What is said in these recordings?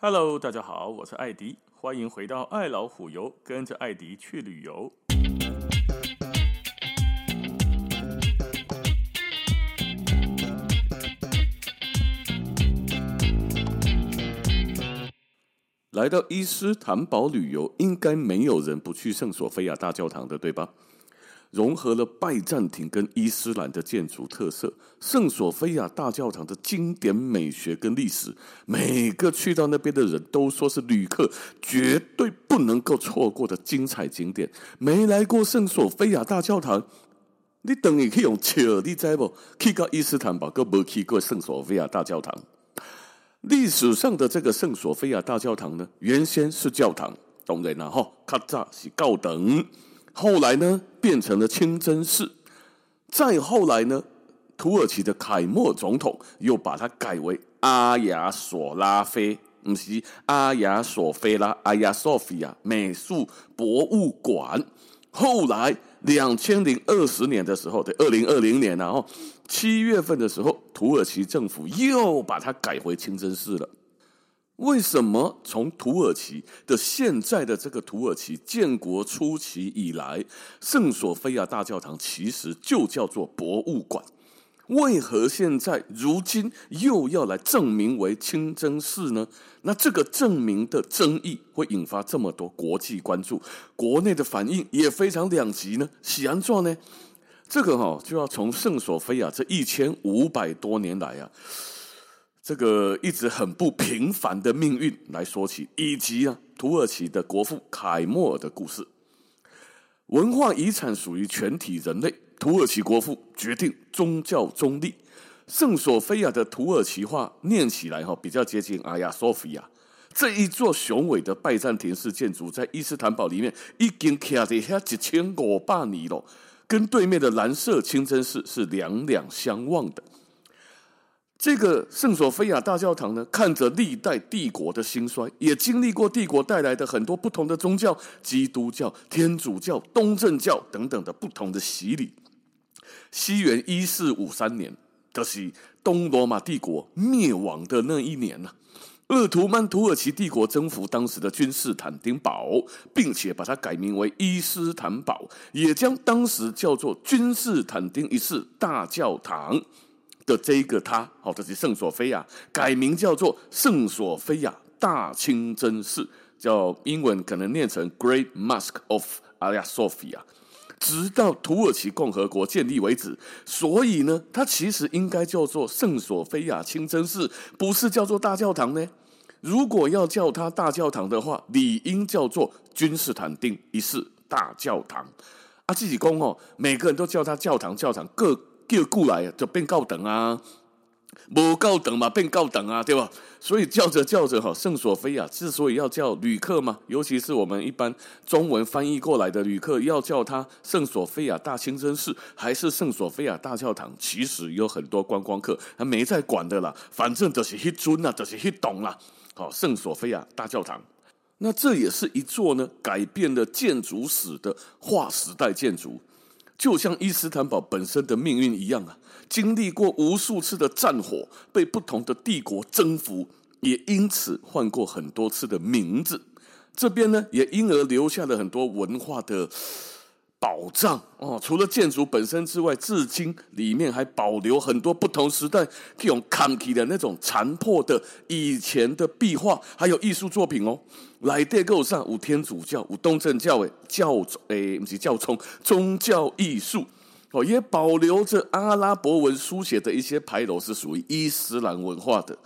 哈嘍，Hello, 大家好，我是艾迪，歡迎回到愛老虎遊，跟着艾迪去旅遊。來到伊斯坦堡旅遊，應該沒有人不去聖索菲亞大教堂的，對吧？融合了拜占庭跟伊斯蘭的建築特色，聖索菲亞大教堂的經典美學跟歷史，每個去到那邊的人都說是旅客絕對不能夠錯過的精彩景點。沒來過聖索菲亞大教堂，你等於去用車，你知道不？去到伊斯坦堡，個沒去過聖索菲亞大教堂。歷史上的這個聖索菲亞大教堂呢，原先是教堂，當然啦，哈，卡扎是高等，後來呢？變成了清真寺，再後來呢，土耳其的凱末總統又把它改為阿亞索拉菲，不是阿亞索菲拉，阿亞索菲亞美術博物館。後來兩千零二十年的時候，對，二零二零年然、啊、後七月份的時候，土耳其政府又把它改回清真寺了。為什麼從土耳其的現在的這個土耳其建國初期以來，聖索菲亞大教堂其實就叫做博物館？為何現在如今又要來正名為清真寺呢？那這個正名的爭議會引發這麼多國際關注，國內的反應也非常兩極呢？是按怎呢？這個哈就要從聖索菲亞這一千五百多年來啊。這個一直很不平凡的命運來說起，以及啊，土耳其的國父凱末爾的故事。文化遺產屬於全體人類。土耳其國父決定宗教中立。聖索菲亞的土耳其話念起來哈、哦，比較接近阿亞索菲亞。這一座雄偉的拜占庭式建築在伊斯坦堡裡面已經屹立了一千五百年了，跟對面的藍色清真寺是兩兩相望的。這個聖索菲亞大教堂呢，看着歷代帝國的興衰，也經歷過帝國帶來的很多不同的宗教：基督教、天主教、東正教等等的不同的洗禮。西元一四五三年，可、就是東羅馬帝國滅亡的那一年吶，鄂圖曼土耳其帝國征服當時的君士坦丁堡，並且把它改名為伊斯坦堡，也將當時叫做君士坦丁一世大教堂。的這一個他好，這、就是聖索菲亞改名叫做聖索菲亞大清真寺，叫英文可能念成 Great Mosque of Aya Sophia，直到土耳其共和國建立為止。所以呢，它其實應該叫做聖索菲亞清真寺，不是叫做大教堂呢。如果要叫它大教堂的話，理應叫做君士坦丁一世大教堂。阿基米公哦，每個人都叫它教堂，教堂各。叫過來就變教堂啊，不教堂嘛變教堂啊，對吧？所以叫着叫着哈，聖索菲亞之所以要叫旅客嘛，尤其是我們一般中文翻譯過來的旅客，要叫他聖索菲亞大清真寺還是聖索菲亞大教堂？其實有很多觀光客還沒在管的啦，反正就是一尊啊，就是一棟啦。好，聖索菲亞大教堂，那這也是一座呢，改變了建築史的劃時代建築。就像伊斯坦堡本身的命運一樣啊，經歷過無數次的戰火，被不同的帝國征服，也因此換過很多次的名字。這邊呢，也因而留下了很多文化的。寶藏哦，除了建築本身之外，至今裡面還保留很多不同時代用坎起的那種殘破的以前的壁畫，還有藝術作品哦。來代購上有天主教，有東正教誒，教誒、欸，不是教宗宗教藝術哦，也保留着阿拉伯文書寫的一些牌樓，是屬於伊斯蘭文化的。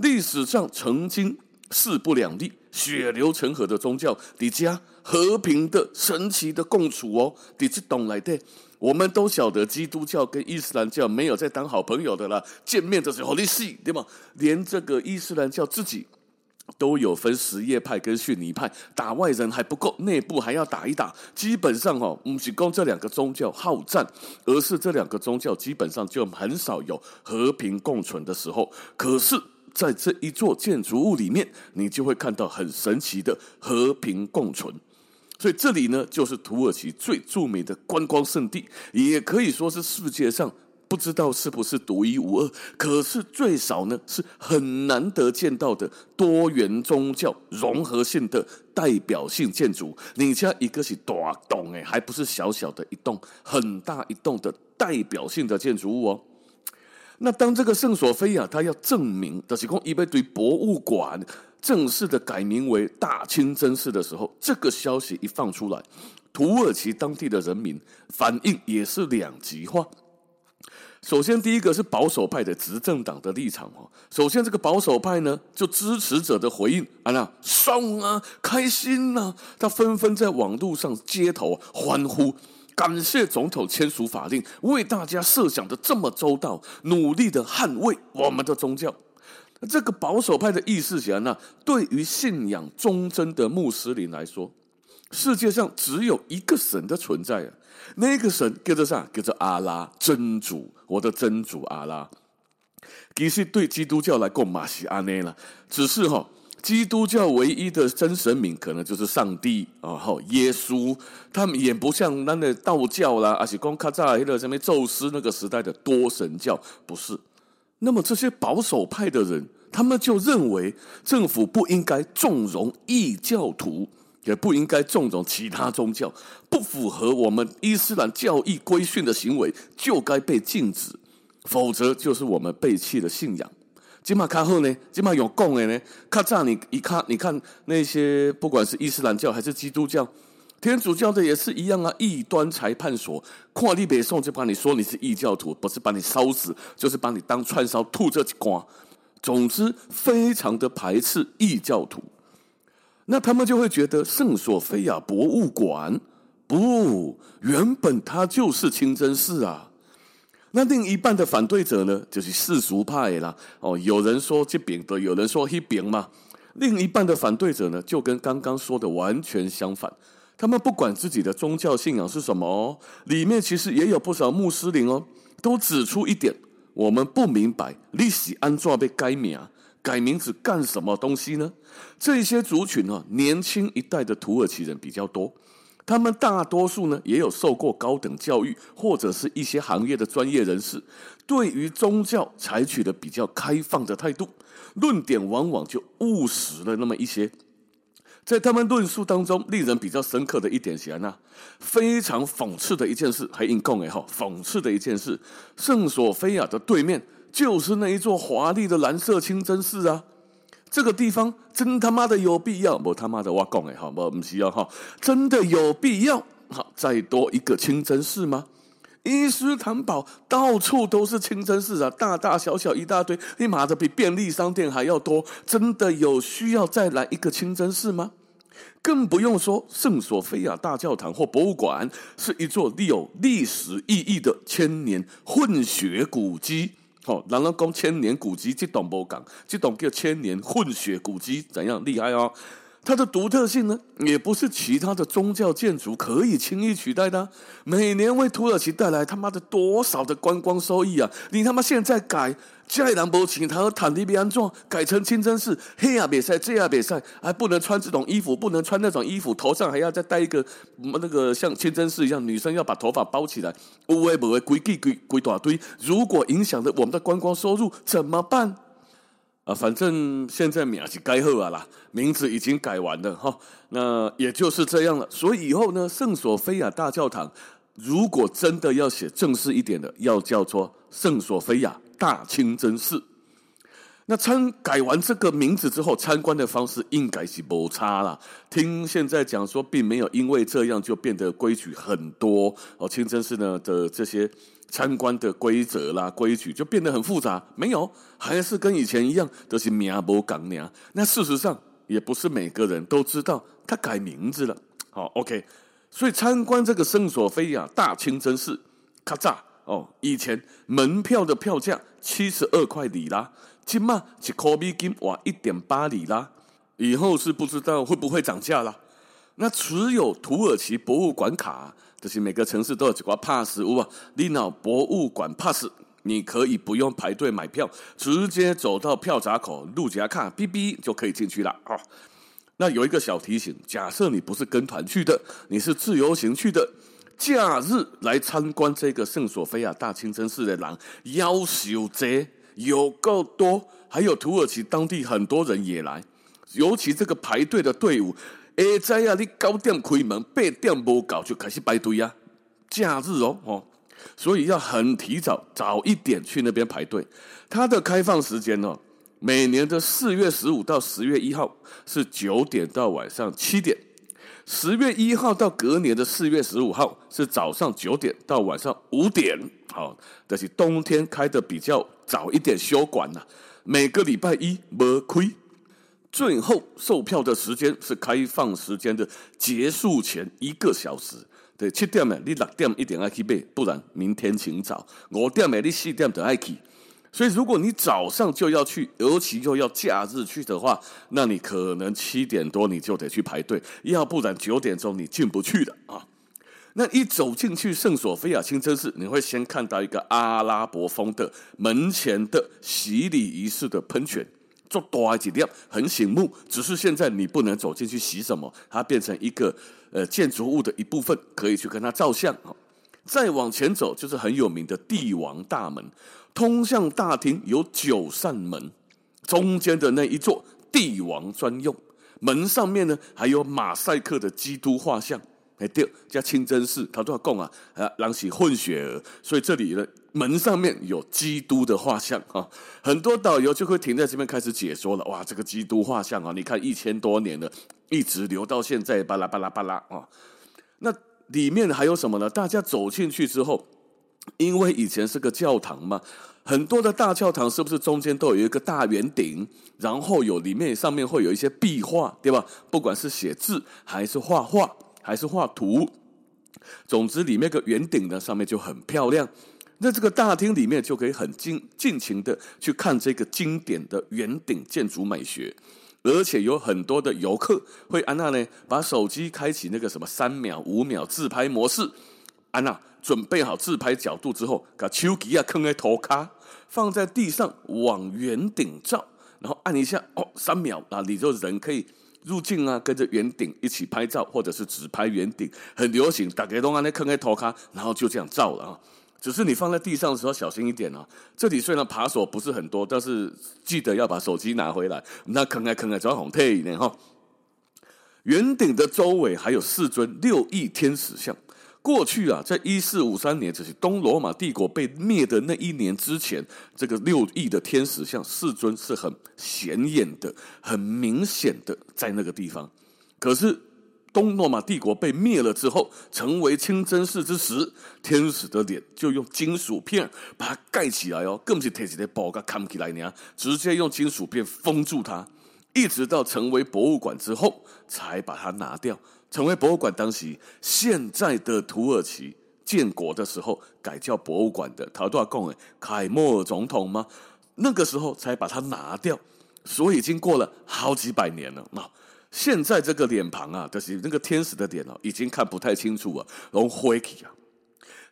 歷史上曾經勢不兩立、血流成河的宗教迪迦。和平的、神奇的共處哦，你去懂來的？我們都曉得，基督教跟伊斯蘭教沒有在當好朋友的了，見面的是好利息，對嗎？連這個伊斯蘭教自己都有分什葉派跟遜尼派，打外人還不夠，內部還要打一打。基本上哦，不只光這兩個宗教好戰，而是這兩個宗教基本上就很少有和平共存的時候。可是，在這一座建築物裡面，你就會看到很神奇的和平共存。所以這裡呢，就是土耳其最著名的觀光勝地，也可以說是世界上不知道是不是獨一無二，可是最少呢是很難得見到的多元宗教融合性的代表性建築。你家一個是大棟哎，還不是小小的一棟，很大一棟的代表性的建築物哦。那當這個聖索菲亞、啊，他要證明，的，就是講一要對博物館。正式的改名為大清真寺的時候，這個消息一放出來，土耳其當地的人民反應也是兩極化。首先，第一個是保守派的執政黨的立場哦。首先，這個保守派呢，就支持者的回應啊，那爽啊，開心啊，他紛紛在網路上、街頭歡呼，感謝總統簽署法令，為大家設想的這麼周到，努力的捍衛我們的宗教。這個保守派的意識形態呢，對於信仰忠貞的穆斯林來說，世界上只有一個神的存在，那個神叫做啥？叫做阿拉真主，我的真主阿拉。其實對基督教來供馬西阿內了，只是哈，基督教唯一的真神明可能就是上帝啊，哈，耶穌，他們也不像那那道教啦，而且講卡扎伊勒什麼宙斯那個時代的多神教不是。那麼這些保守派的人，他們就認為政府不應該縱容異教徒，也不應該縱容其他宗教，不符合我們伊斯蘭教義規訓的行為就該被禁止，否則就是我們背棄了信仰。吉馬卡後呢？吉馬有共的呢？看這你一看，你看那些不管是伊斯蘭教還是基督教。天主教的也是一樣啊，異端裁判所，跨立北宋，就把你說你是異教徒，不是把你燒死，就是把你當串燒吐這光。總之，非常的排斥異教徒。那他們就會覺得聖索菲亞博物館，不，原本它就是清真寺啊。那另一半的反對者呢，就是世俗派啦。哦，有人說這邊的，有人說那邊嘛。另一半的反對者呢，就跟剛剛說的完全相反。他們不管自己的宗教信仰是什麼、哦，裡面其實也有不少穆斯林哦，都指出一點：我們不明白歷史安作被改名，改名字幹什麼東西呢？這些族群哦、啊，年輕一代的土耳其人比較多，他們大多數呢也有受過高等教育，或者是一些行業的專業人士，對於宗教採取了比較開放的態度，論點往往就務實了那麼一些。在他們論述當中，令人比較深刻的一點是什麼呢？非常諷刺的一件事，還硬講哎諷刺的一件事，聖索菲亞的對面就是那一座華麗的藍色清真寺啊！這個地方真他媽的有必要，我他媽的挖講也好，我不需要哈，真的有必要好再多一個清真寺嗎？伊斯坦堡到處都是清真寺啊，大大小小一大堆，你媽的比便利商店還要多！真的有需要再來一個清真寺嗎？更不用說聖索菲亞大教堂或博物館，是一座具有歷史意義的千年混血古蹟。好，哦，朗朗講千年古蹟，這懂不講，這檔叫千年混血古蹟，怎樣厲害哦！它的獨特性呢，也不是其他的宗教建築可以輕易取代的啊。每年為土耳其帶來他媽的多少的觀光收益啊！你他媽現在改加裡不伯清真寺和坦迪比安莊，改成清真寺，黑呀別賽，這樣別賽，還不能穿這種衣服，不能穿那種衣服，頭上還要再戴一個我們，嗯，那個像清真寺一樣，女生要把頭髮包起來，烏歪不烏的，鬼鬼鬼鬼大堆。如果影響了我們的觀光收入，怎麼辦？啊，反正現在名是改好了，名字已經改完了哈、哦。那也就是這樣了，所以以後呢，聖索菲亞大教堂如果真的要寫正式一點的，要叫做聖索菲亞大清真寺。那參改完這個名字之後，參觀的方式應該是不差了。聽現在講說，並沒有因為這樣就變得規矩很多哦，清真寺呢的這些。參觀的規則啦，規矩就變得很複雜，沒有，還是跟以前一樣，都、就是明波港呢。那事實上也不是每個人都知道他改名字了。好，oh，OK，所以參觀這個聖索菲亞大清真寺，咔嚓，哦，以前門票的票價七十二塊，啦塊里拉，今嘛是顆美金哇一點八里拉，以後是不知道會不會漲價啦。那持有土耳其博物館卡，啊。就是每個城市都有幾個 pass 物啊，你拿博物館 pass，你可以不用排隊買票，直接走到票閘口，路一卡，BB 就可以進去了啊、哦。那有一個小提醒，假設你不是跟團去的，你是自由行去的，假日來參觀這個聖索菲亞大清真寺的人，夭壽仔有夠多，還有土耳其當地很多人也來，尤其這個排隊的隊伍。欸在啊，你九點開門，八點不到就開始排隊啊，假日哦，哦，所以要很提早，早一點去那邊排隊。它的開放時間哦，每年的四月十五到十月一號是九點到晚上七點；十月一號到隔年的四月十五號是早上九點到晚上五點。好、哦，但是冬天開的比較早一點，休館吶、啊。每個禮拜一沒開。最後售票的時間是開放時間的結束前一個小時，對，七點啊，你六點一定要去買，不然明天請早，五點呢，你四點就要去。所以，如果你早上就要去，尤其又要假日去的話，那你可能七點多你就得去排隊，要不然九點鐘你進不去的啊。那一走進去聖索菲亞清真寺，你會先看到一個阿拉伯風的門前的洗禮儀式的噴泉。做多幾輛很醒目，只是現在你不能走進去洗什麼，它變成一個呃建築物的一部分，可以去跟它照相。再往前走就是很有名的帝王大門，通向大廳有九扇門，中間的那一座帝王專用門上面呢，還有馬賽克的基督畫像。誒對，叫清真寺，他都要供啊啊，染起混血兒，所以這裡的門上面有基督的畫像啊、哦，很多導遊就會停在這邊開始解說了哇，這個基督畫像啊，你看一千多年了，一直留到現在，巴拉巴拉巴拉啊、哦，那裡面還有什麼呢？大家走進去之後，因為以前是個教堂嘛，很多的大教堂是不是中間都有一個大圓頂，然後有裡面上面會有一些壁畫，對吧？不管是寫字還是畫畫。還是畫圖，總之裡面個圓頂的上面就很漂亮。那這個大廳裡面就可以很盡盡情的去看這個經典的圓頂建築美學，而且有很多的遊客會安娜呢，把手機開啟那個什麼三秒五秒自拍模式。安娜準備好自拍角度之後，把手機啊坑在頭卡放在地上往圓頂照，然後按一下哦，三秒啊，那你就人可以。入境啊，跟着圓頂一起拍照，或者是只拍圓頂，很流行。打開洞安那坑開頭卡，然後就這樣照了啊。只是你放在地上的時候小心一點啊。這裡雖然爬索不是很多，但是記得要把手機拿回來。那坑啊坑啊，只要紅退一點哈。圓頂的周圍還有四尊六翼天使像。過去啊，在一四五三年，這是東羅馬帝國被滅的那一年之前，這個六翼的天使像四尊是很顯眼的、很明顯的在那個地方。可是東羅馬帝國被滅了之後，成為清真寺之時，天使的臉就用金屬片把它蓋起來哦，更是提起來包蓋藏起來呢，直接用金屬片封住它，一直到成為博物館之後才把它拿掉。成為博物館當時，現在的土耳其建國的時候改叫博物館的，他都要講誒，凱末爾總統嗎？那個時候才把它拿掉，所以已經過了好幾百年了。那現在這個臉龐啊，就是那個天使的臉啊，已經看不太清楚啊。然後灰起了。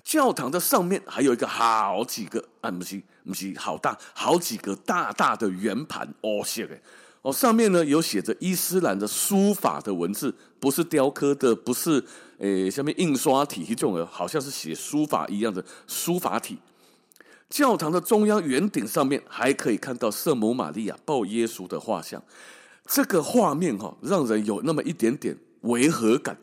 教堂的上面還有一個好幾個，啊，不是，不是，好大，好幾個大大的圓盤哦陷的。哦，上面呢有寫着伊斯蘭的書法的文字，不是雕刻的，不是誒，下面印刷體，一種好像是寫書法一樣的書法體。教堂的中央圓頂上面還可以看到聖母瑪利亞抱耶穌的畫像，這個畫面哈、哦，讓人有那麼一點點違和感。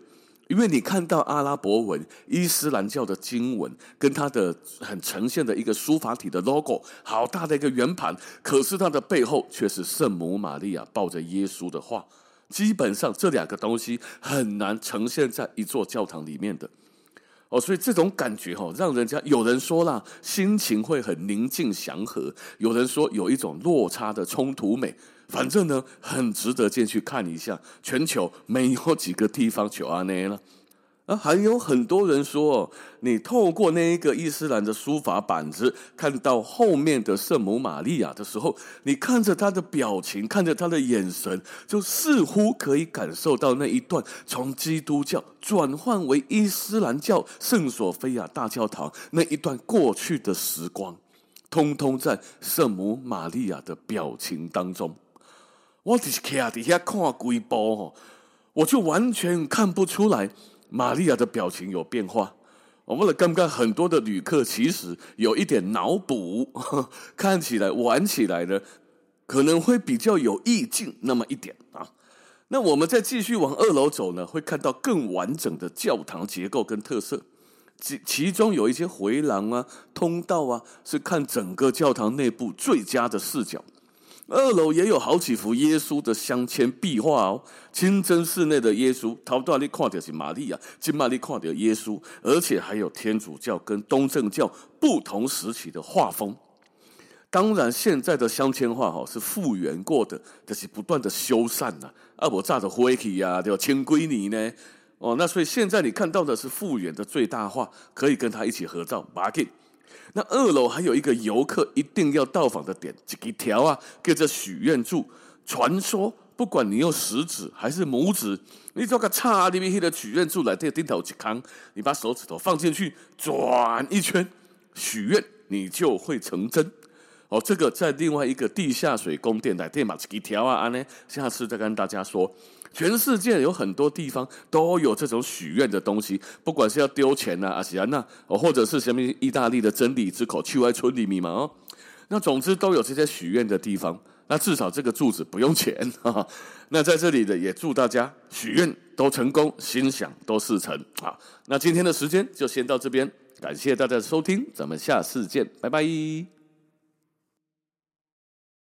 因為你看到阿拉伯文伊斯蘭教的經文，跟它的很呈現的一個書法體的 logo，好大的一個圓盤，可是它的背後卻是聖母瑪利亞抱着耶穌的話。基本上這兩個東西很難呈現在一座教堂裡面的。哦，所以這種感覺哈、哦，讓人家有人說啦，心情會很寧靜祥和；有人說有一種落差的衝突美。反正呢，很值得進去看一下。全球沒有幾個地方求按呢了。啊，還有很多人說，你透過那一個伊斯蘭的書法板子，看到後面的聖母瑪利亞的時候，你看着她的表情，看着她的眼神，就似乎可以感受到那一段從基督教轉換為伊斯蘭教聖索菲亞大教堂那一段過去的時光，通通在聖母瑪利亞的表情當中。我只是看底下看幾步，我就完全看不出來瑪利亞的表情有變化。我問了剛剛很多的旅客，其實有一點腦補，看起來玩起來呢可能會比較有意境那麼一點啊。那我們再繼續往二樓走呢，會看到更完整的教堂結構跟特色，其其中有一些回廊啊、通道啊，是看整個教堂內部最佳的視角。二樓也有好幾幅耶穌的鑲嵌壁畫哦，清真寺內的耶穌，他不斷哩看到的是瑪利亞，今瑪麗看到的耶穌，而且還有天主教跟東正教不同時期的畫風。當然，現在的鑲嵌畫哈是復原過的，但、就是不斷的修繕吶。二伯炸的灰氣呀，叫、就是、千幾年呢。哦，那所以現在你看到的是復原的最大化，可以跟他一起合照，馬吉。那二樓還有一個遊客一定要到訪的點，這一條啊，跟着許願柱，傳說不管你用食指還是拇指，你找個叉的 B 的許願柱來這個丁頭去扛，你把手指頭放進去轉一圈，許願你就會成真。哦，這個在另外一個地下水宮殿的，電嗎？自己調啊，呢。下次再跟大家說。全世界有很多地方都有這種許願的東西，不管是要丟錢啊，阿西安啊，那或者是什麼意大利的真理之口，去外村裡面嘛哦。那總之都有這些許願的地方。那至少這個柱子不用錢哈、哦、那在這裡的也祝大家許願都成功，心想都事成啊、哦。那今天的時間就先到這邊，感謝大家的收聽，咱們下次見，拜拜。